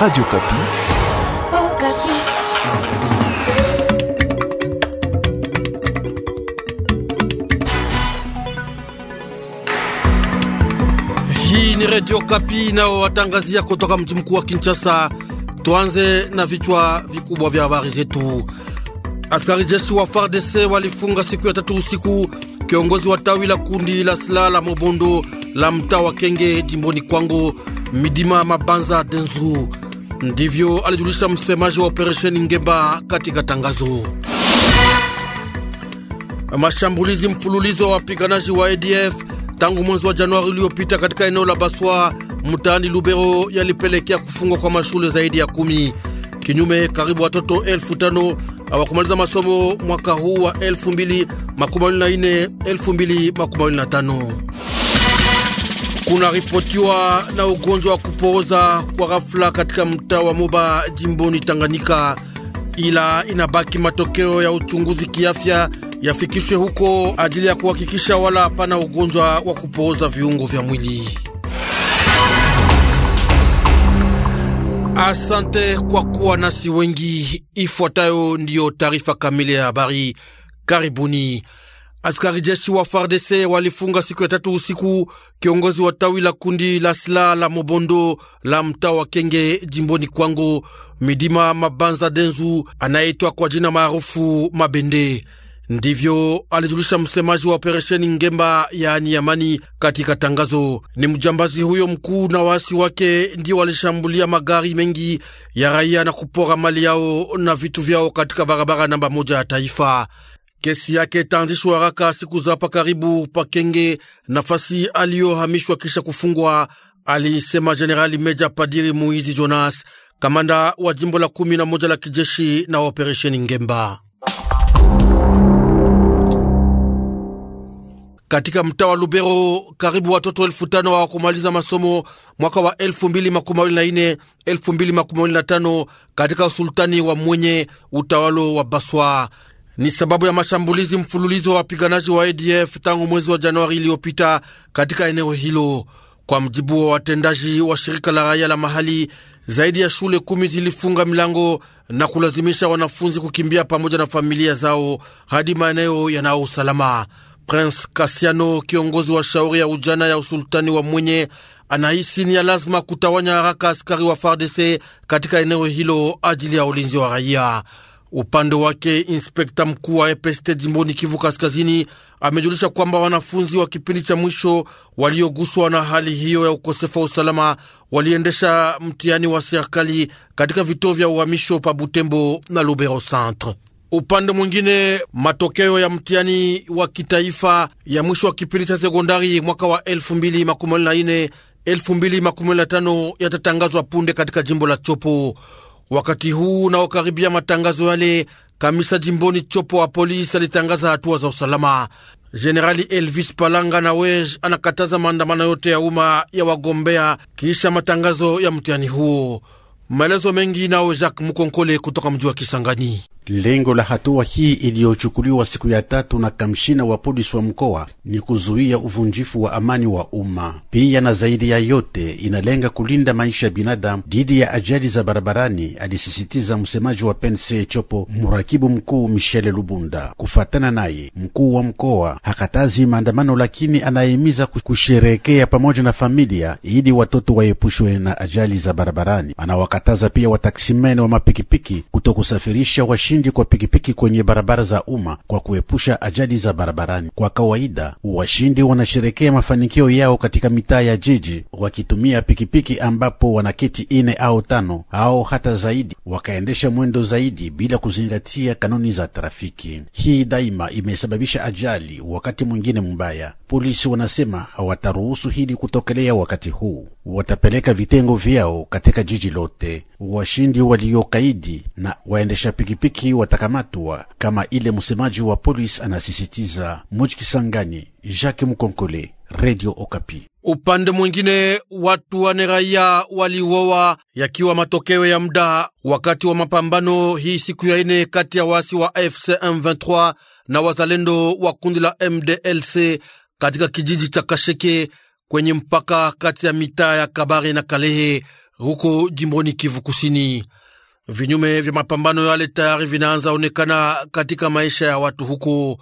Radio Kapi. Oh, Kapi. Hii ni Radio Kapi nao watangazia kutoka mji mkuu wa Kinshasa. Tuanze na vichwa vikubwa vya habari zetu. Askari jeshi wa FARDC walifunga siku ya tatu usiku kiongozi wa tawi la kundi la silaha la Mobondo la mtaa wa Kenge jimboni Kwango Midima Mabanza Denzu. Ndivyo alijulisha msemaji wa operesheni Ngemba katika tangazo. Mashambulizi mfululizo wa wapiganaji wa ADF tangu mwezi wa Januari uliopita katika eneo la Baswa mtaani Lubero yalipelekea kufungwa kwa mashule zaidi ya kumi. Kinyume, karibu watoto elfu tano hawakumaliza masomo mwaka huu wa 2024 2025 kunaripotiwa na ugonjwa wa kupooza kwa ghafla katika mtaa wa Moba jimboni Tanganyika, ila inabaki matokeo ya uchunguzi kiafya yafikishwe huko ajili ya kuhakikisha wala hapana ugonjwa wa kupooza viungo vya mwili. Asante kwa kuwa nasi wengi. Ifuatayo ndiyo taarifa kamili ya habari. Karibuni. Askari jeshi wa FARDC walifunga siku ya tatu usiku kiongozi wa tawi la kundi la silaha la Mobondo la mtaa wa Kenge jimboni Kwango, Midima Mabanza Denzu anayeitwa kwa jina maarufu Mabende. Ndivyo alijulisha msemaji wa operesheni Ngemba yaani Yamani katika tangazo. Ni mjambazi huyo mkuu na waasi wake ndio walishambulia magari mengi ya raia na kupora mali yao na vitu vyao katika barabara namba moja ya taifa. Kesi yake itaanzishwa haraka siku za hapa karibu Pakenge, nafasi aliyohamishwa kisha kufungwa, alisema Jenerali Meja Padiri Muizi Jonas, kamanda wa jimbo la kumi na moja la kijeshi na operesheni Ngemba katika mtaa wa Lubero. Karibu watoto elfu tano hawakumaliza masomo mwaka wa elfu mbili na elfu mbili na tano katika usultani wa mwenye utawalo wa Baswa ni sababu ya mashambulizi mfululizo wa wapiganaji wa ADF tangu mwezi wa Januari iliyopita katika eneo hilo. Kwa mjibu wa watendaji wa shirika la raia la mahali, zaidi ya shule kumi zilifunga milango na kulazimisha wanafunzi kukimbia pamoja na familia zao hadi maeneo yanayo usalama. Prince Kasiano, kiongozi wa shauri ya ujana ya usultani wa Mwenye, anahisi ni ya lazima kutawanya haraka askari wa FARDC katika eneo hilo ajili ya ulinzi wa raia. Upande wake inspekta mkuu wa EPST jimboni Kivu Kaskazini amejulisha kwamba wanafunzi wa kipindi cha mwisho walioguswa na hali hiyo ya ukosefu wa usalama waliendesha mtihani wa serikali katika vituo vya uhamisho pa Butembo na Lubero Centre. Upande mwingine, matokeo ya mtihani wa kitaifa ya mwisho wa kipindi cha sekondari mwaka wa 2024 2025 yatatangazwa punde katika jimbo la Chopo. Wakati huu unaokaribia matangazo yale, kamisa jimboni Chopo wa polisi alitangaza hatua za usalama. Jenerali Elvis Palanga na Wege anakataza maandamano yote ya umma ya wagombea kisha matangazo ya mtihani huo. Maelezo mengi nawe Jacques Mukonkole kutoka mji wa Kisangani. Lengo la hatua hii iliyochukuliwa siku ya tatu na kamshina wa polisi wa mkoa ni kuzuia uvunjifu wa amani wa umma. Pia na zaidi ya yote, inalenga kulinda maisha ya binadamu dhidi ya ajali za barabarani, alisisitiza msemaji wa pense chopo mrakibu mkuu Michele Lubunda. Kufatana naye, mkuu wa mkoa hakatazi maandamano, lakini anahimiza kusherekea pamoja na familia ili watoto waepushwe na ajali za barabarani. Anawakataza pia wataksimeni wa mapikipiki kutokusafirisha washi kushiriki kwa pikipiki kwenye barabara za umma kwa kuepusha ajali za barabarani. Kwa kawaida, washindi wanasherekea mafanikio yao katika mitaa ya jiji wakitumia pikipiki, ambapo wanaketi ine au tano au hata zaidi, wakaendesha mwendo zaidi bila kuzingatia kanuni za trafiki. Hii daima imesababisha ajali, wakati mwingine mbaya. Polisi wanasema hawataruhusu hili kutokelea wakati huu watapeleka vitengo vyao katika jiji lote. Washindi waliokaidi na waendesha pikipiki watakamatwa, kama ile msemaji wa polisi anasisitiza. Kisangani, Jacques Mkonkole, Radio Okapi. Upande mwingine watu wane raia waliuawa yakiwa matokeo ya muda wakati wa mapambano hii siku ya ine kati ya waasi wa AFC M23 na wazalendo wa kundi la MDLC katika kijiji cha Kasheke kwenye mpaka kati ya mitaa ya Kabare na Kalehe huko jimboni Kivu Kusini. Vinyume vya mapambano yale tayari vinaanza onekana katika maisha ya watu huko.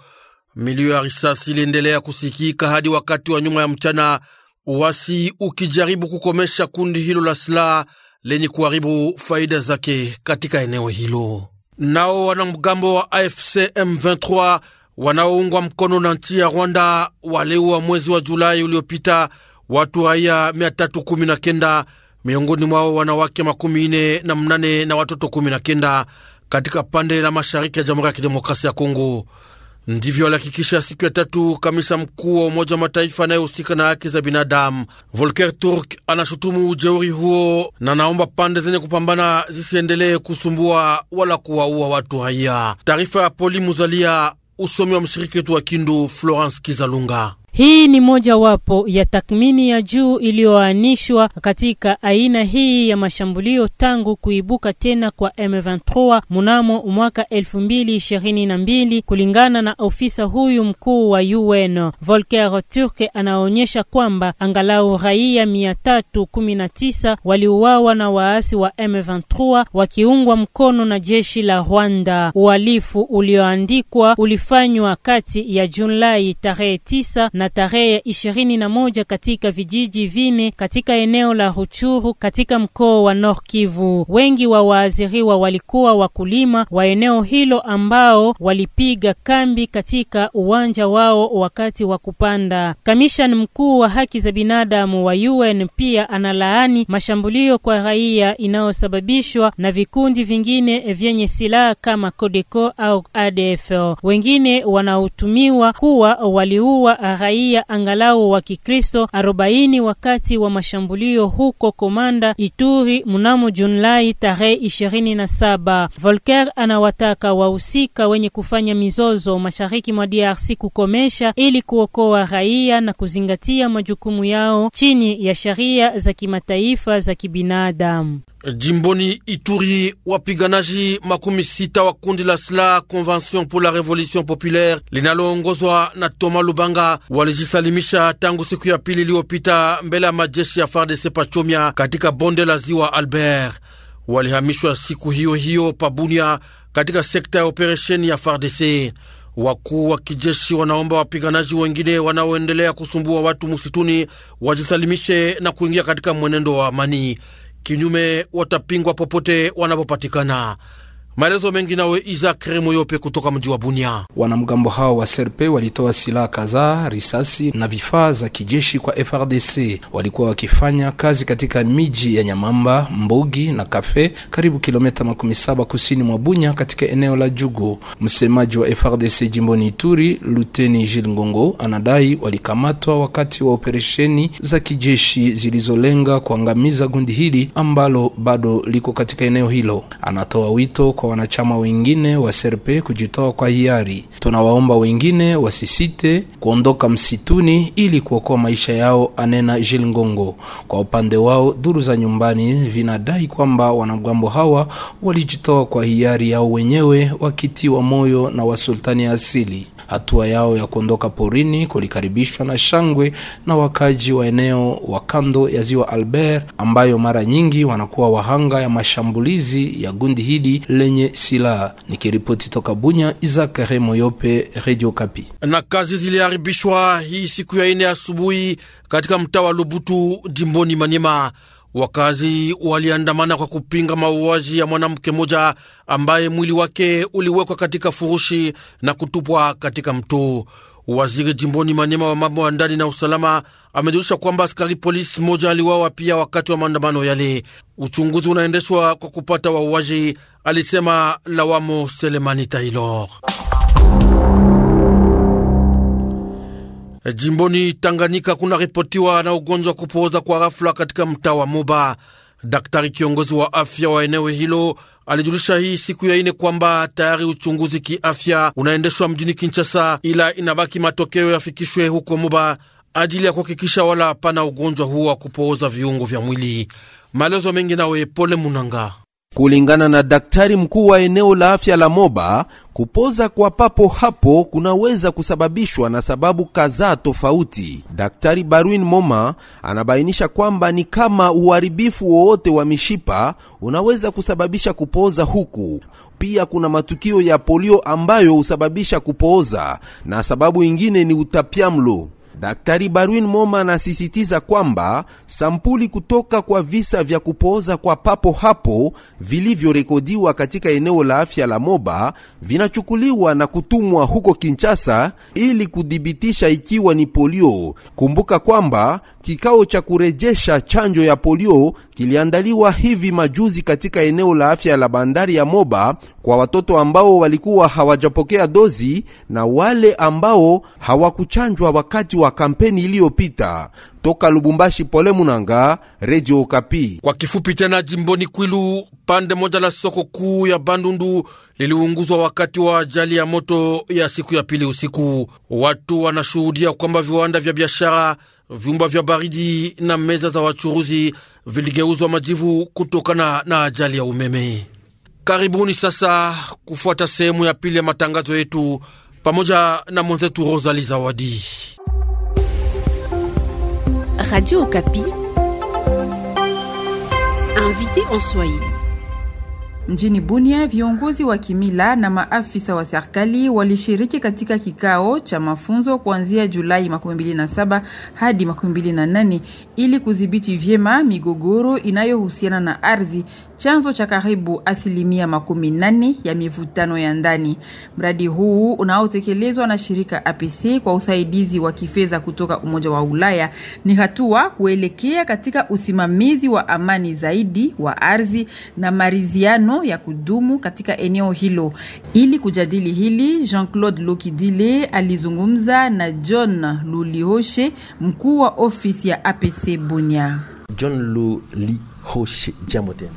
Milio ya risasi iliendelea kusikika hadi wakati wa nyuma ya mchana, uasi ukijaribu kukomesha kundi hilo la silaha lenye kuharibu faida zake katika eneo hilo. Nao wanamgambo wa AFC M23 wanaoungwa mkono na nchi ya Rwanda waliua mwezi wa Julai uliopita watu raia 319 miongoni mwao wanawake makumi ine na mnane na watoto 19 katika pande la mashariki ya Jamhuri ya Kidemokrasia ya Kongo. Ndivyo alihakikisha siku ya tatu kamisa mkuu wa Umoja wa Mataifa anayehusika na haki za binadamu. Volker Turk anashutumu ujeuri huo na naomba pande zenye kupambana zisiendelee kusumbua wala kuwaua watu raia. Taarifa ya Poli Muzalia usomi wa mshiriki wetu wa Kindu Florence Kizalunga. Hii ni mojawapo ya takmini ya juu iliyoanishwa katika aina hii ya mashambulio tangu kuibuka tena kwa M23 mnamo mwaka 2022, kulingana na ofisa huyu mkuu wa UN. Volker Turk anaonyesha kwamba angalau raia 319 waliuawa na waasi wa M23 wakiungwa mkono na jeshi la Rwanda. Uhalifu ulioandikwa ulifanywa kati ya Julai tarehe 9 na tarehe ishirini na moja katika vijiji vine katika eneo la Ruchuru katika mkoa wa North Kivu. Wengi wa waathiriwa walikuwa wakulima wa eneo hilo ambao walipiga kambi katika uwanja wao wakati wa kupanda. kamishan mkuu wa haki za binadamu wa UN pia analaani mashambulio kwa raia inayosababishwa na vikundi vingine vyenye silaha kama CODECO au ADF. Wengine wanaotumiwa kuwa waliua raia raia angalau wa Kikristo arobaini wakati wa mashambulio huko Komanda, Ituri mnamo Julai tarehe ishirini na saba. Volker anawataka wahusika wenye kufanya mizozo mashariki mwa DRC kukomesha ili kuokoa raia na kuzingatia majukumu yao chini ya sheria za kimataifa za kibinadamu. Jimboni Ituri, wapiganaji makumi sita wa kundi la silaha Convention pour la Revolution Populaire linaloongozwa na Thomas Lubanga walijisalimisha tangu siku ya pili iliyopita mbele ya majeshi ya FARDC pachomia katika bonde la ziwa Albert. Walihamishwa siku hiyo hiyo Pabunia katika sekta ya operesheni ya FARDC. Wakuu wa kijeshi wanaomba wapiganaji wengine wanaoendelea kusumbua watu musituni wajisalimishe na kuingia katika mwenendo wa amani, kinyume watapingwa popote wanapopatikana. Maelezo mengi nawe Isaac Remoyope kutoka mji wa Bunia. Wanamgambo hao wa Serpe walitoa silaha kadhaa, risasi na vifaa za kijeshi kwa FRDC. Walikuwa wakifanya kazi katika miji ya Nyamamba, Mbugi na Kafe, karibu kilomita makumi saba kusini mwa Bunya, katika eneo la Jugu. Msemaji wa FRDC jimboni Ituri, Luteni Jil Ngongo, anadai walikamatwa wakati wa operesheni za kijeshi zilizolenga kuangamiza gundi hili ambalo bado liko katika eneo hilo. Anatoa wito kwa wanachama wengine wa SRP kujitoa kwa hiari. Tunawaomba wengine wasisite kuondoka msituni ili kuokoa maisha yao, anena Jil Ngongo. Kwa upande wao, duru za nyumbani vinadai kwamba wanamgambo hawa walijitoa kwa hiari yao wenyewe wakitiwa moyo na wasultani asili. Hatua yao ya kuondoka porini kulikaribishwa na shangwe na wakaji wa eneo wa kando ya ziwa Albert, ambayo mara nyingi wanakuwa wahanga ya mashambulizi ya gundi hili lenye silaha. Nikiripoti toka Bunya, Isaac moyope Radio Kapi. Na kazi ziliharibishwa hii siku ya ine asubuhi katika mtaa wa Lubutu, jimboni Manyema. Wakazi waliandamana kwa kupinga mauaji ya mwanamke mmoja ambaye mwili wake uliwekwa katika furushi na kutupwa katika mto. Waziri jimboni Manyema wa mambo ya ndani na usalama amejulisha kwamba askari polisi mmoja aliwawa pia wakati wa maandamano yale. Uchunguzi unaendeshwa kwa kupata wauaji, alisema Lawamo Selemani Taylor. Eh, jimboni Tanganyika kuna ripotiwa na ugonjwa kupooza kwa ghafula katika mtaa wa Moba. Daktari kiongozi wa afya wa eneo hilo alijulisha hii siku ya ine kwamba tayari uchunguzi kiafya unaendeshwa mjini Kinshasa, ila inabaki matokeo yafikishwe huko Moba ajili ya kuhakikisha wala hapana ugonjwa huo wa kupooza viungo vya mwili. Maelezo mengi nawe Pole Munanga. Kulingana na daktari mkuu wa eneo la afya la Moba, kupoza kwa papo hapo kunaweza kusababishwa na sababu kadhaa tofauti. Daktari Barwin Moma anabainisha kwamba ni kama uharibifu wowote wa mishipa unaweza kusababisha kupooza huku. Pia kuna matukio ya polio ambayo husababisha kupooza, na sababu ingine ni utapiamlo. Daktari Barwin Moma anasisitiza kwamba sampuli kutoka kwa visa vya kupooza kwa papo hapo vilivyorekodiwa katika eneo la afya la Moba vinachukuliwa na kutumwa huko Kinshasa ili kudhibitisha ikiwa ni polio. Kumbuka kwamba kikao cha kurejesha chanjo ya polio kiliandaliwa hivi majuzi katika eneo la afya la bandari ya Moba kwa watoto ambao walikuwa hawajapokea dozi na wale ambao hawakuchanjwa wakati wa wa kampeni iliyopita. Toka Lubumbashi, Pole Munanga, Radio Okapi. Kwa kifupi tena, jimboni Kwilu, pande moja la soko kuu ya Bandundu liliunguzwa wakati wa ajali ya moto ya siku ya pili usiku. Watu wanashuhudia kwamba viwanda vya biashara, vyumba vya baridi na meza za wachuruzi viligeuzwa majivu kutokana na ajali ya umeme. Karibuni sasa kufuata sehemu ya pili ya matangazo yetu pamoja na mwenzetu Rosali Zawadi. Radio Okapi, invité en Swahili. Mjini Bunia, viongozi wa kimila na maafisa wa serikali walishiriki katika kikao cha mafunzo kuanzia Julai 27 hadi 28 ili kudhibiti vyema migogoro inayohusiana na ardhi, chanzo cha karibu asilimia makumi nane ya mivutano ya ndani. Mradi huu unaotekelezwa na shirika APC kwa usaidizi wa kifedha kutoka Umoja wa Ulaya ni hatua kuelekea katika usimamizi wa amani zaidi wa ardhi na maridhiano ya kudumu katika eneo hilo. Ili kujadili hili, Jean-Claude Lokidile alizungumza na John Lulioshe, mkuu wa ofisi ya APC Bunia. John Luli Hoshi, jambo tena.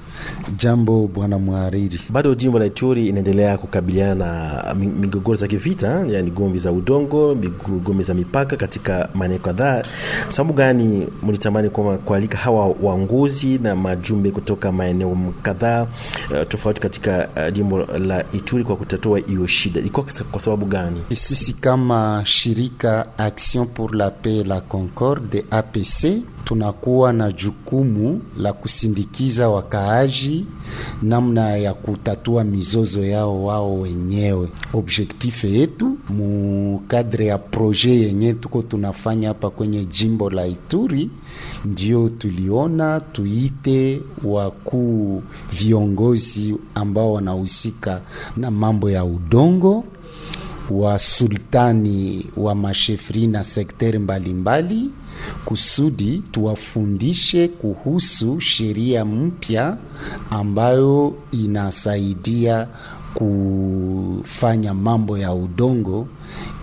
Jambo bwana mhariri. Bado jimbo la Ituri inaendelea kukabiliana na migogoro za kivita, yani gomvi za udongo, gomvi za mipaka katika maeneo kadhaa. Sababu gani mlitamani kualika hawa waongozi na majumbe kutoka maeneo kadhaa uh, tofauti katika uh, jimbo la Ituri kwa kutatua hiyo shida? Ilikuwa kwa sababu gani? Sisi kama shirika Action pour la Paix la Concorde APC tunakuwa na jukumu la kusi kusindikiza wakaaji namna ya kutatua mizozo yao wao wenyewe. Objektife yetu mukadre ya proje yenye tuko tunafanya hapa kwenye jimbo la Ituri, ndio tuliona tuite wakuu viongozi ambao wanahusika na mambo ya udongo wasultani wa mashefri na sekteri mbalimbali, kusudi tuwafundishe kuhusu sheria mpya ambayo inasaidia kufanya mambo ya udongo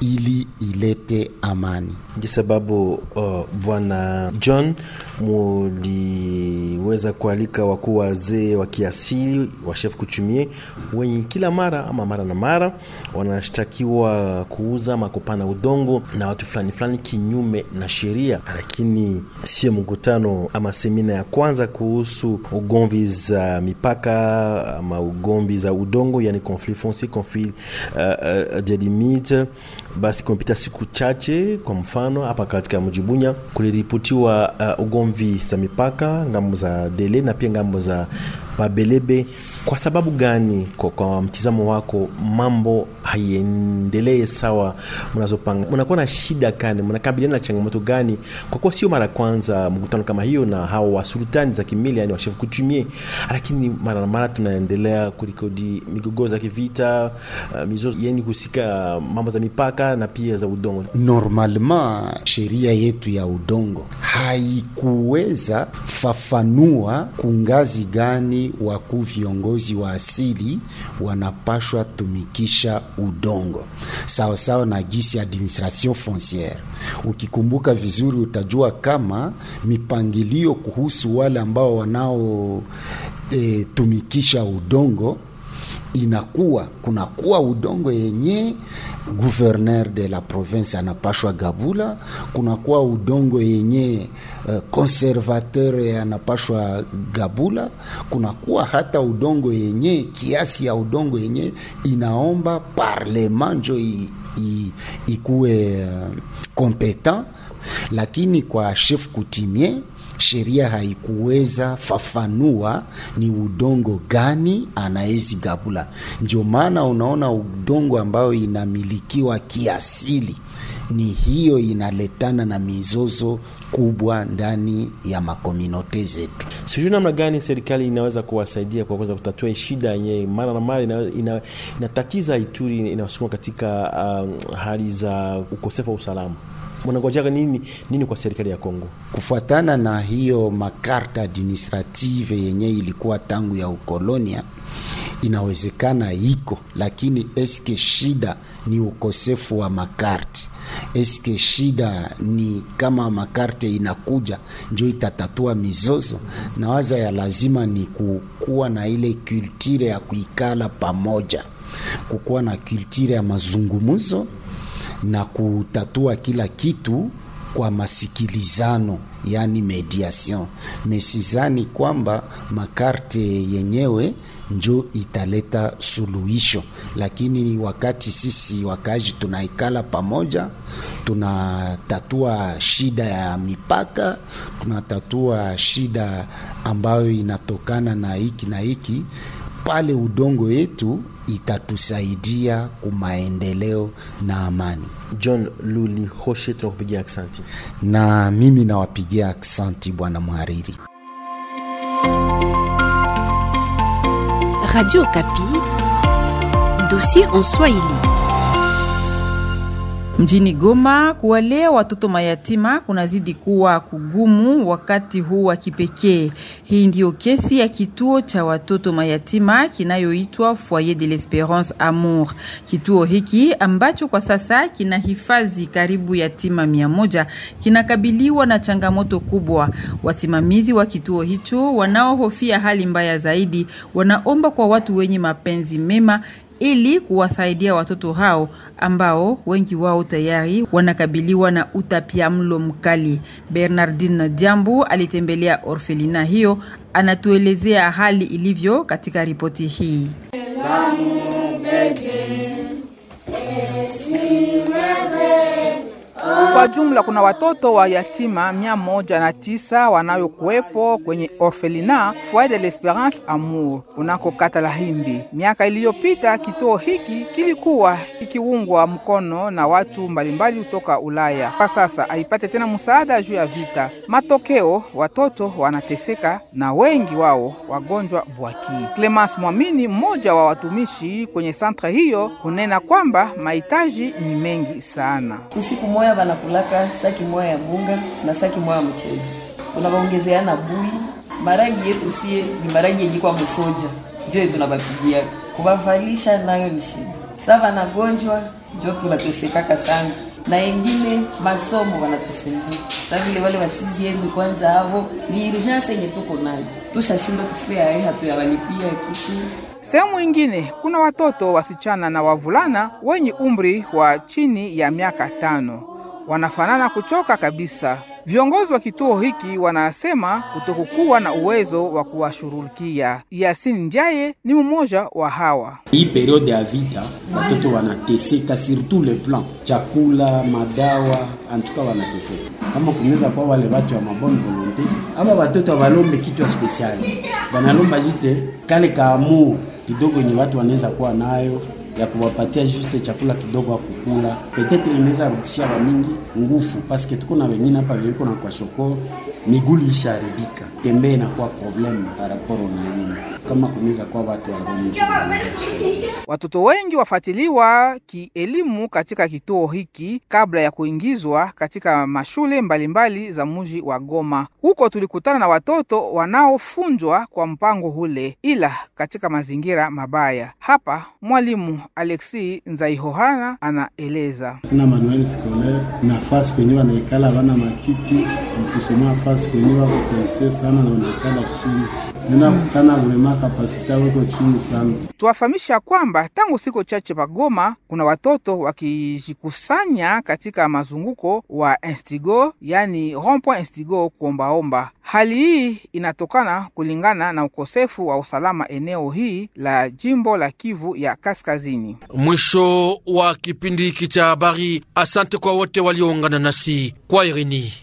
ili ilete amani. Ndio sababu uh, Bwana John muliweza kualika wakuu wazee wa kiasili wa chef kuchumie wenye kila mara ama mara na mara wanashtakiwa kuuza ama kupana udongo na watu fulani fulani kinyume na sheria, lakini sio mkutano ama semina ya kwanza kuhusu ugomvi za mipaka ama ugomvi za udongo, yani conflit foncier, conflit uh, uh, uh de limite basi kumepita siku chache, kwa mfano hapa katika mji Bunya kuliripotiwa uh, ugomvi za mipaka ngambo za Dele na pia ngambo za Babelebe kwa sababu gani, kwa, kwa mtizamo wako, mambo haiendelee sawa mnazopanga? Mnakuwa na shida gani? Mnakabiliana na changamoto gani? Kwa kuwa sio mara kwanza mkutano kama hiyo na hao wasultani za kimili, yani washefu kutumie, lakini mara na mara tunaendelea kurikodi migogoro za kivita, uh, mizozo yani husika uh, mambo za mipaka na pia za udongo. Normalement sheria yetu ya udongo haikuweza fafanua kungazi gani wakuu viongozi viongozi wa asili wanapashwa tumikisha udongo sawasawa na gisi ya administration fonciere. Ukikumbuka vizuri, utajua kama mipangilio kuhusu wale ambao wanao e, tumikisha udongo inakuwa kunakuwa udongo yenye gouverneur de la province anapashwa gabula, kunakuwa udongo yenye eh, conservateur anapashwa gabula, kunakuwa hata udongo yenye kiasi ya udongo yenye inaomba parlema njo ikuwe kompetent, eh, lakini kwa chef coutumier sheria haikuweza fafanua ni udongo gani anaezi gabula. Ndio maana unaona udongo ambayo inamilikiwa kiasili ni hiyo inaletana na mizozo kubwa ndani ya makominote zetu. Sijui namna gani serikali inaweza kuwasaidia kwa kuweza kutatua shida yenyewe mara na mara inatatiza ina, ina Ituri inasukuma katika um, hali za ukosefu wa usalama. Mnangojea nini nini kwa serikali ya Kongo kufuatana na hiyo makarta administrative yenye ilikuwa tangu ya ukolonia? Inawezekana iko lakini, eske shida ni ukosefu wa makarti? Eske shida ni kama makarte inakuja njo itatatua mizozo? Na waza ya lazima ni kukuwa na ile kulture ya kuikala pamoja, kukuwa na kulture ya mazungumuzo na kutatua kila kitu kwa masikilizano, yani mediation. Mesizani kwamba makarte yenyewe njo italeta suluhisho, lakini wakati sisi wakaji tunaikala pamoja, tunatatua shida ya mipaka, tunatatua shida ambayo inatokana na hiki na hiki pale udongo yetu itatusaidia kumaendeleo na amani. John Luli Hoshe, tunakupigia aksanti. Na mimi nawapigia aksanti bwana mhariri. Radio Kapi, dossier en Swahili. Mjini Goma, kuwalea watoto mayatima kunazidi kuwa kugumu wakati huu wa kipekee. Hii ndiyo kesi ya kituo cha watoto mayatima kinayoitwa Foyer de l'Esperance Amour. Kituo hiki ambacho kwa sasa kinahifadhi karibu yatima mia moja kinakabiliwa na changamoto kubwa. Wasimamizi wa kituo hicho wanaohofia hali mbaya zaidi wanaomba kwa watu wenye mapenzi mema ili kuwasaidia watoto hao ambao wengi wao tayari wanakabiliwa na utapia mlo mkali. Bernardine Diambu alitembelea orfelina hiyo, anatuelezea hali ilivyo katika ripoti hii. Lamu. Kwa jumla kuna watoto wa yatima mia moja na tisa wanayokuwepo kwenye orfelina Foi de l'Esperance Amour kunako kata la Himbi. Miaka iliyopita kituo hiki kilikuwa kikiungwa mkono na watu mbalimbali kutoka Ulaya. Kwa sasa haipate tena msaada juu ya vita. Matokeo, watoto wanateseka na wengi wao wagonjwa bwaki. Clemence Mwamini, mmoja wa watumishi kwenye santre hiyo, kunena kwamba mahitaji ni mengi sana. Usiku moya banaku kulaka saki moya ya bunga na saki moya ya mchele, tunabaongezeana bui. Maragi yetu sie ni maragi yejikwa musoja, njo tunabapigia kubavalisha, nayo ni shida. Saba na gonjwa njo tunatesekaka sana, na engine masomo wanatusumbua sa vile wale wasiziemi kwanza, havo ni urgence yenye tuko nayo, tushashinda tufea eh, hatuyawalipia kitu. Sehemu ingine kuna watoto wasichana na wavulana wenye umri wa chini ya miaka tano wanafanana kuchoka kabisa. Viongozi wa kituo hiki wanasema kutokukuwa na uwezo wa kuwashughulikia. Yasin Njaye ni mmoja wa hawa. Hii periode ya vita watoto wanateseka sur le plan chakula, madawa, antuka wanateseka. Kama kunaweza kwa wale watu wa mabon volonte, ama watoto walombe kichwa spesiali, wanalomba juste kale kaamu kidogo nye watu wanaweza kuwa nayo ya kuwapatia juste chakula kidogo akukula, petetre inaweza rudishia bamingi ngufu, paske tuko na wengine hapa viko na kwa shoko miguli isharibika, tembee inakuwa problemu paraporo na nini kama kuweza kwa watu wa watoto wengi wafuatiliwa kielimu katika kituo hiki kabla ya kuingizwa katika mashule mbalimbali mbali za mji wa Goma. Huko tulikutana na watoto wanaofunjwa kwa mpango ule, ila katika mazingira mabaya. Hapa mwalimu Alexi Nzaihohana anaeleza na Manuel Sikole, nafasi kwenye wanaikala wana makiti kusomea, nafasi kwenye wako kwa sana na wanaikala chini nenakutana mlema weko chini sana. Tuwafahamisha kwamba tangu siku chache pagoma kuna watoto wakijikusanya katika mazunguko wa Instigo, yani rompo Instigo kuombaomba. Hali hii inatokana kulingana na ukosefu wa usalama eneo hii la jimbo la Kivu ya Kaskazini. Mwisho wa kipindi hiki cha habari. Asante kwa wote walioungana nasi kwa Irini.